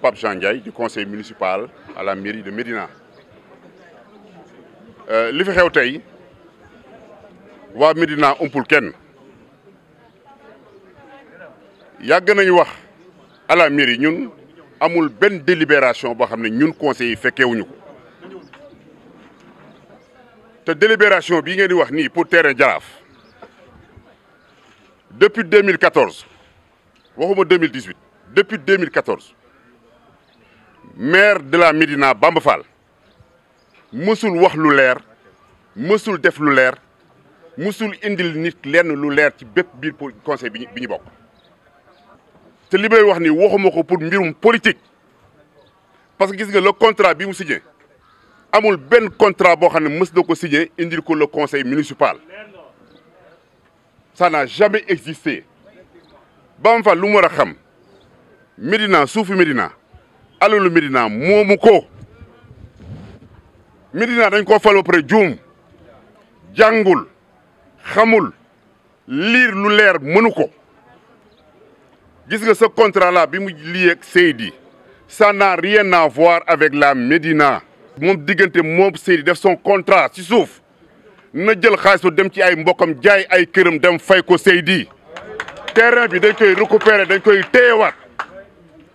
Pape Jean du conseil municipal à la mairie de Médina euh, li fi xew c'est que Médina umpul kenn yàgg nañu wax à la mairie ñun amul ben délibération boo xam ñun conseil yi fekkeewuñu ko délibération bii ngeen di wax pour terrain Djaraf depuis 2014 waxuma 2018 depuis 2014 maire de la Médina Bamfal, Moussoul mësul wax lu leer mësul def lu leer mësul indil nit lenn lu leer ci bép biir conseil biñu bok té te li may wax ni waxumako pour mbirum politique parce que gis nga le contrat bi mu signé amul ben contrat bo xamné mës signé indil le conseil municipal ça n'a jamais existé Bamba Fall lu xam Médina soufi Médina alalu le Medina, Momuko. Medina, dañ koo fal ba pare Djangoul, jàngul xamul l'air lu leer mënu contrat là bi mu lié Seydi ça n'a rien à voir avec la Medina. Mon digente mon Seydi def son contrat ci suuf na jël xaalisu dem ci ay mbokam jaay ay kërëm dem fay ko Seydi terrain bi dañ koy récupérer dañ koy téyewat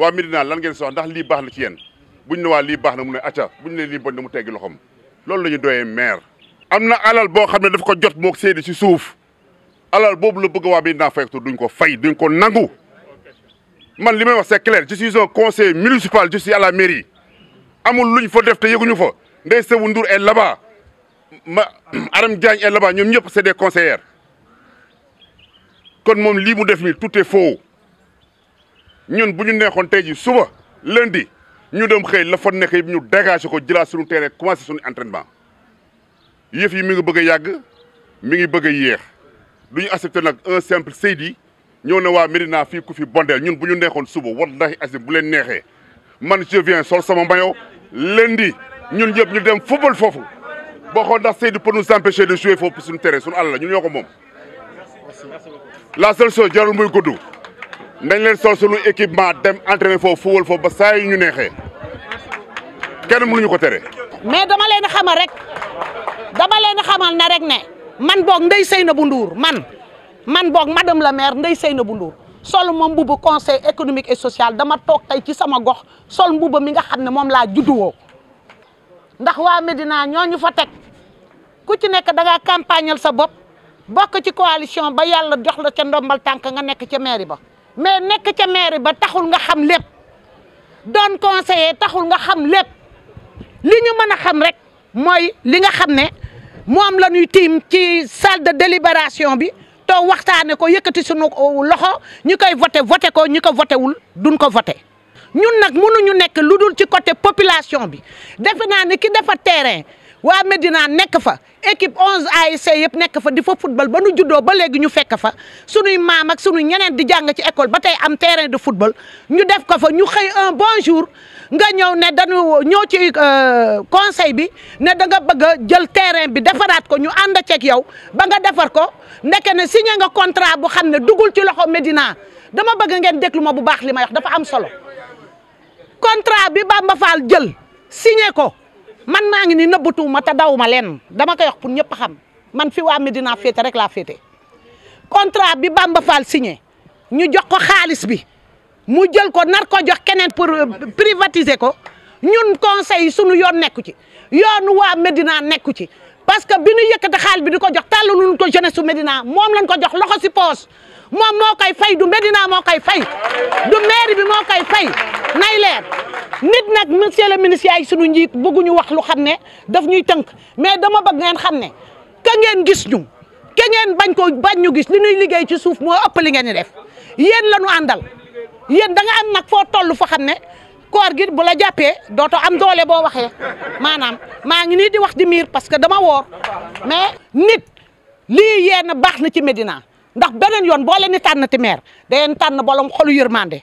wa Médina lan ngeen soxla ndax li baax na ci yéen buñ ne li lii na mu ne acca buñ ne li bon mu teggi loxoom loolu lañu ñu maire. amna alal bo xamne daf ko jot mok seedi ci souf alal bobu la bëgg wa waa Médina fay duñ ko fay duñ ko nangu man limay wax c'est clair je suis un conseil municipal je suis à la mairie amul luñ fa def te yeguñu fa Ndeye Sewu Ndour est là-bas ma Aram Diagne est là-bas ñom ñëpp c'est des conseillers kon mom li mu def ni tout est faux ñun buñu ñu neexoon ji suba lundi ñu dem xey la fa nekk ñu dégager ko jëlaat suñu terrain commencé suñu entraînement yef yi mi ngi bëgg a mi ngi bëgg yéx duñu accepter nak un simple Seydi ñoo na wa merina fi ku fi bondel ñun buñu ñu suba wallahi asim bu len neexee man je viens sol sama maillot lundi ñun ñëpp ñu dem football fofu boo xool ndax Seydi pour nous empêcher de jouer foofu suñu terrain suñu àll ñun ñoko mom la seule chose jarul muy goudou nañ leen sol suñu équipement dem entraîner foofu fuwal foofu ba saa yu ñu neexee kenn mënuñu ko tere. mais dama leen xamal rek dama leen xamal na rek ne man boog Ndeye Seynabou Ndour man man boog madame la maire Ndeye Seynabou Ndour sol ma mbuba conseil économique et social dama toog tey ci sama gox sol mbuba mi nga xam ne moom laa judduwoo ndax waa Médina ñooñu fa teg ku ci nekk da ngaa campagnal sa bopp bokk ci coalition ba yàlla jox la ca ndombal tànk nga nekk ca mairie ba. mais nekk ca mairie ba taxul nga xam lépp doon conseiller taxul nga xam lépp li ñu mën a xam rek mooy li nga xam ne moom la ñuy tiim ci salle de délibération bi toog waxtaane ko yëkkati sunu uh, loxo ñu koy voté voté ko ñu ko voté wul duñ ko voté ñun nag mënuñu nekk lu dul ci côté population bi defe naa ni ki dafa terrain waa Medina nekk fa équipe 11 ASC yëpp nekk fa di fa football ba nu juddoo ba léegi ñu fekk fa sunuy maam ak sunuy ñeneen di jàng ci école ba tey am terrain de football ñu def ko fa ñu xëy un bon jour nga ñëw ne dañu ñëw ci euh, conseil bi ne da nga bëgg jël terrain bi defaraat ko ñu ànd ceeg yow ba nga defar ko ndeke ne signé nga contrat bu xam ne dugul ci loxo Medina dama bëgg ngeen déglu ma bu baax li may wax dafa am solo contrat bi Bamba Fall jël signé ko. man maa ngi ni nëbbatuwuma te daw ma lenn dama koy wax pour ñëpp xam man fi waa Médina féete rek laa féete contrat bi Bamba Fall signé ñu jox ko xaalis bi mu jël ko nar ko jox keneen pour euh, privatiser ko ñun conseil yi sunu yoon nekku ci yoonu waa Médina nekku ci parce que bi ñu yëkkate xaalis bi di ko jox tàllaluñu ko jeunesse su Médina moom lañ ko jox loxo si poos moom moo koy fay du Médina moo koy fay du maire bi moo koy fay nay leen nit nag monsieur le ministre yaay sunu njiit bëgguñu wax lu xam ne daf ñuy tënk mais dama bëgg ngeen xam ne ka ngeen gis ñu ka ngeen bañ ko bañ ñu gis li ñuy liggéey ci suuf moo ëpp li ngeen di def yéen la ñu àndal yéen da am nag foo toll foo xam ne koor gi bu la jàppee dooto am doole boo waxee maanaam maa ngi nii di wax di miir parce que dama woor mais nit lii yéen baax na ci Médina ndax beneen yoon boo leen di tànn ti maire da ngeen tànn bolom xolu yërmande